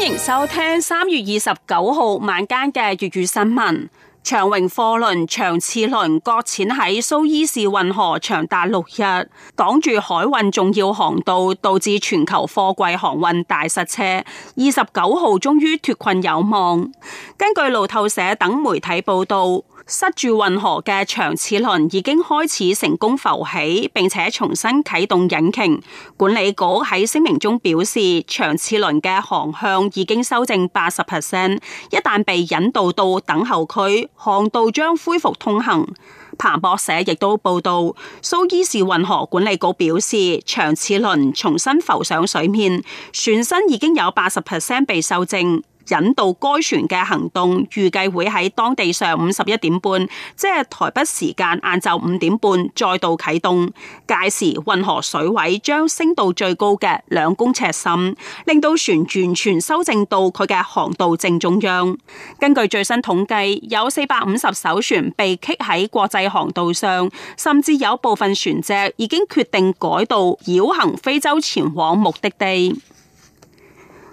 歡迎收聽三月二十九號晚間嘅粵語新聞。長榮貨輪、長賜輪擱淺喺蘇伊士運河長達六日，擋住海運重要航道，導致全球貨櫃航運大塞車。二十九號終於脫困有望。根據路透社等媒體報道。塞住運河嘅長賜輪已經開始成功浮起，並且重新啟動引擎。管理局喺聲明中表示，長賜輪嘅航向已經修正八十 percent，一旦被引導到等候區，航道將恢復通行。彭博社亦都報道，蘇伊士運河管理局表示，長賜輪重新浮上水面，船身已經有八十 percent 被修正。引導該船嘅行動，預計會喺當地上午十一點半（即係台北時間晏晝五點半）再度啟動。屆時，運河水位將升到最高嘅兩公尺深，令到船完全修正到佢嘅航道正中央。根據最新統計，有四百五十艘船被棘喺國際航道上，甚至有部分船隻已經決定改道繞行非洲前往目的地。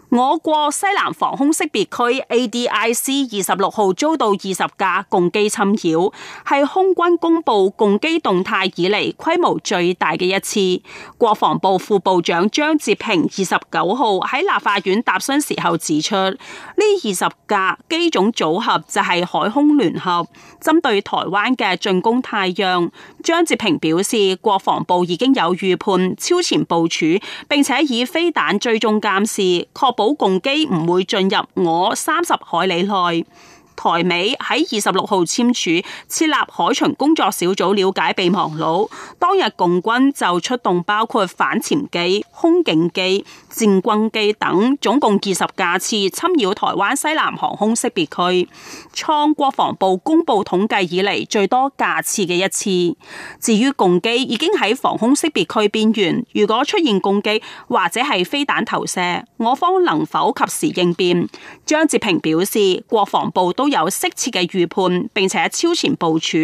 我國西南防空識別區 （ADIC） 二十六號遭到二十架共機侵擾，係空軍公布共機動態以嚟規模最大嘅一次。國防部副部長張哲平二十九號喺立法院答詢時候指出，呢二十架機種組合就係海空聯合針對台灣嘅進攻太陽。張哲平表示，國防部已經有預判、超前部署，並且以飛彈追蹤監視，確保保共機唔會進入我三十海里內。台美喺二十六號簽署設立海巡工作小組，了解備忘錄。當日共軍就出動包括反潛機、空警機、戰軍機等，總共二十架次侵擾台灣西南航空識別區，創國防部公布統計以嚟最多架次嘅一次。至於共機已經喺防空識別區邊緣，如果出現共機或者係飛彈投射，我方能否及時應變？張哲平表示，國防部都。都有適切嘅預判，並且超前部署，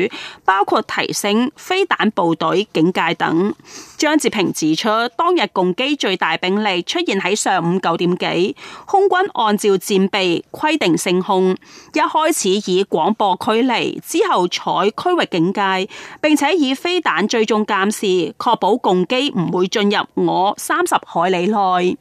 包括提升飛彈部隊警戒等。張哲平指出，當日共機最大兵力出現喺上午九點幾，空軍按照戰備規定升空，一開始以廣播驅離，之後採區域警戒，並且以飛彈追蹤監視，確保共機唔會進入我三十海里內。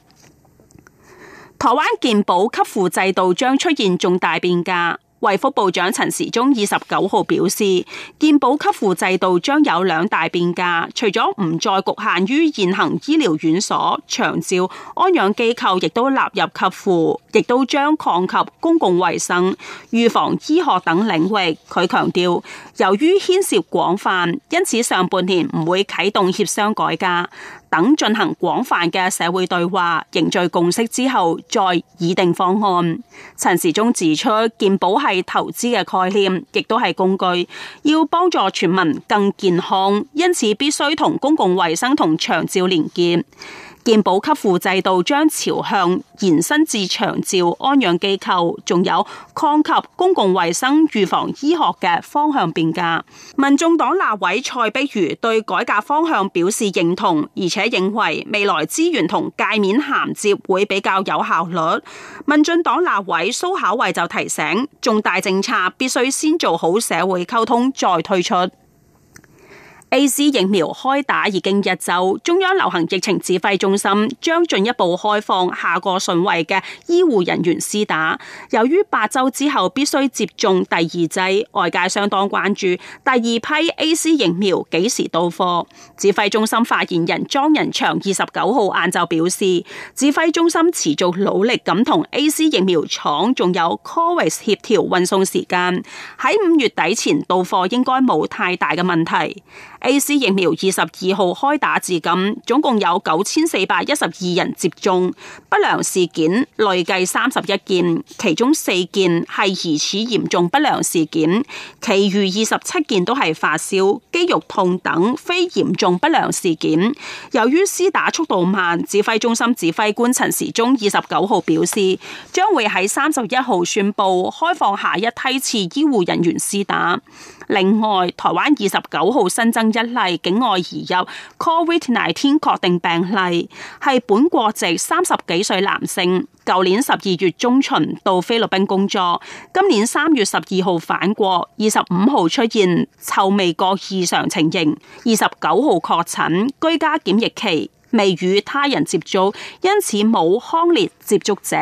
台灣健保給付制度將出現重大變革。衛福部長陳時中二十九號表示，健保給付制度將有兩大變革，除咗唔再局限於現行醫療院所、長照、安養機構，亦都納入給付，亦都將擴及公共衛生、預防醫學等領域。佢強調，由於牽涉廣泛，因此上半年唔會啟動協商改革。等進行廣泛嘅社會對話，凝聚共識之後，再擬定方案。陳時中指出，健保係投資嘅概念，亦都係工具，要幫助全民更健康，因此必須同公共衛生同長照連結。健保給付制度將朝向延伸至長照、安養機構，仲有擴及公共衛生預防醫學嘅方向變革。民眾黨立委蔡壁如對改革方向表示認同，而且認為未來資源同界面銜接會比較有效率。民進黨立委蘇巧慧就提醒，重大政策必須先做好社會溝通再推出。A.Z. 疫苗開打已經一周，中央流行疫情指揮中心將進一步開放下個順位嘅醫護人員施打。由於八周之後必須接種第二劑，外界相當關注第二批 A.Z. 疫苗幾時到貨。指揮中心發言人莊人祥二十九號晏晝表示，指揮中心持續努力咁同 A.Z. 疫苗廠仲有 COVAX 協調運送時間，喺五月底前到貨應該冇太大嘅問題。AZ 疫苗二十二號開打至今，總共有九千四百一十二人接種，不良事件累計三十一件，其中四件係疑似嚴重不良事件，其餘二十七件都係發燒、肌肉痛等非嚴重不良事件。由於施打速度慢，指揮中心指揮官陳時中二十九號表示，將會喺三十一號宣布開放下一梯次醫護人員施打。另外，台灣二十九號新增，一例境外移入，COVID-19 確定病例，係本國籍三十幾歲男性，舊年十二月中旬到菲律賓工作，今年三月十二號返國，二十五號出現臭味覺異常情形，二十九號確診，居家檢疫期，未與他人接觸，因此冇匡列接觸者。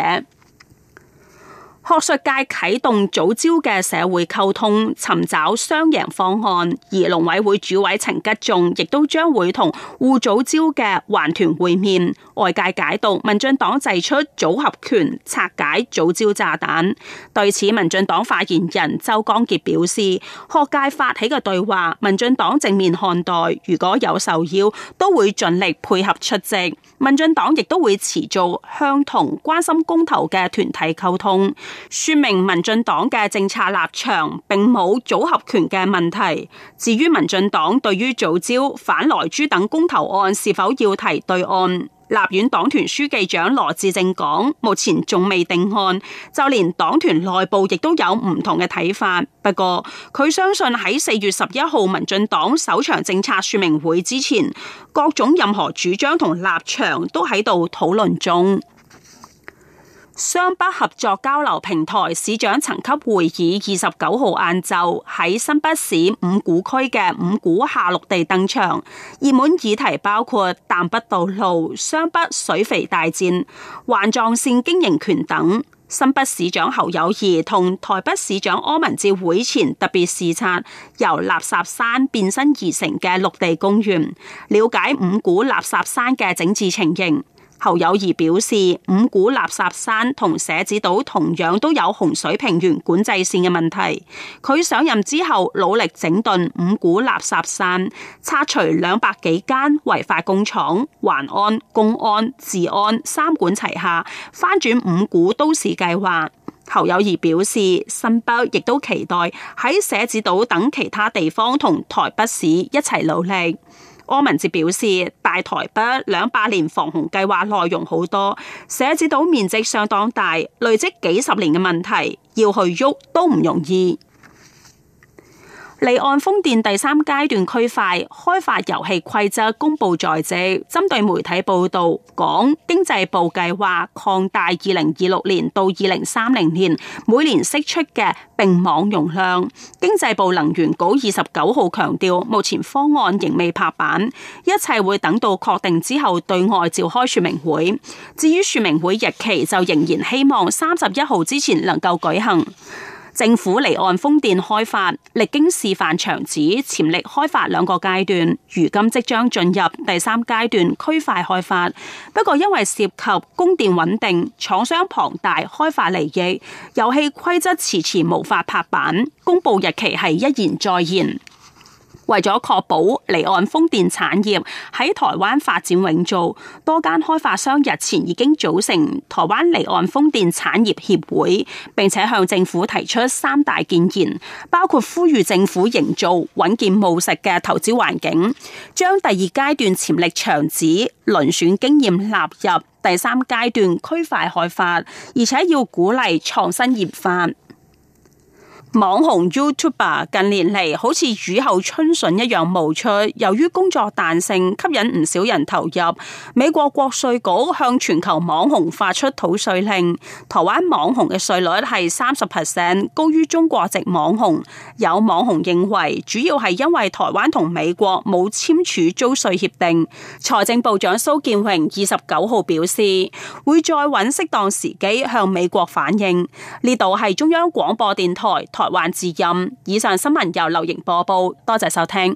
學術界啟動藻礁嘅社會溝通，尋找雙贏方案。而農委會主委陳吉仲亦都將會同護藻礁嘅環團會面。外界解讀民進黨祭出組合拳拆解藻礁炸彈。對此，民進黨發言人周江杰表示：學界發起嘅對話，民進黨正面看待，如果有受邀，都會盡力配合出席。民進黨亦都會持續向同關心公投嘅團體溝通。說明民進黨嘅政策立場，並冇組合拳嘅問題。至於民進黨對於藻礁反萊豬等公投案是否要提對案，立院黨團書記長羅致政講，目前仲未定案，就連黨團內部亦都有唔同嘅睇法。不過，佢相信喺四月十一號民進黨首場政策說明會之前，各種任何主張同立場都喺度討論中。雙北合作交流平台市長層級會議二十九號晏晝喺新北市五股區嘅五股夏綠地登場，熱門議題包括淡北道路、雙北水肥大戰、環狀線經營權等。新北市長侯友宜同台北市長柯文哲會前特別視察由垃圾山變身而成嘅綠地公園，了解五股垃圾山嘅整治情形。侯友宜表示，五股垃圾山同社子島同樣都有洪水平原管制線嘅問題。佢上任之後努力整頓五股垃圾山，拆除兩百幾間違法工廠，環安、公安、治安三管齊下，翻轉五股都市計劃。侯友宜表示，新北亦都期待喺社子島等其他地方同台北市一齊努力。柯文哲表示，大台北兩百年防洪計劃內容好多，寫字島面積相當大，累積幾十年嘅問題，要去喐都唔容易。離岸風電第三階段區塊開發遊戲規則公佈在即，針對媒體報道，講經濟部計劃擴大二零二六年到二零三零年每年釋出嘅併網容量。經濟部能源局二十九號強調，目前方案仍未拍板，一切會等到確定之後對外召開說明會。至於說明會日期，就仍然希望三十一號之前能夠舉行。政府離岸風電開發歷經示範場址潛力開發兩個階段，如今即將進入第三階段區塊開發。不過因為涉及供電穩定、廠商龐大、開發利益、遊戲規則，遲遲無法拍板，公布日期是一延再延。為咗確保離岸風電產業喺台灣發展永續，多間開發商日前已經組成台灣離岸風電產業協會，並且向政府提出三大建言，包括呼籲政府營造穩健務實嘅投資環境，將第二階段潛力場址輪選經驗納入第三階段區塊開發，而且要鼓勵創新研發。網紅 YouTuber 近年嚟，好似雨後春筍一樣冒出，由於工作彈性，吸引唔少人投入。美國國稅局向全球網紅發出討稅令，台灣網紅嘅稅率係三十 percent，高於中國籍網紅。有網紅認為，主要係因為台灣同美國冇簽署租稅協定。財政部長蘇建榮二十九號表示，會再揾適當時機向美國反映。呢度係中央廣播電台。台灣自音。以上新聞由劉瑩播報，多謝收聽。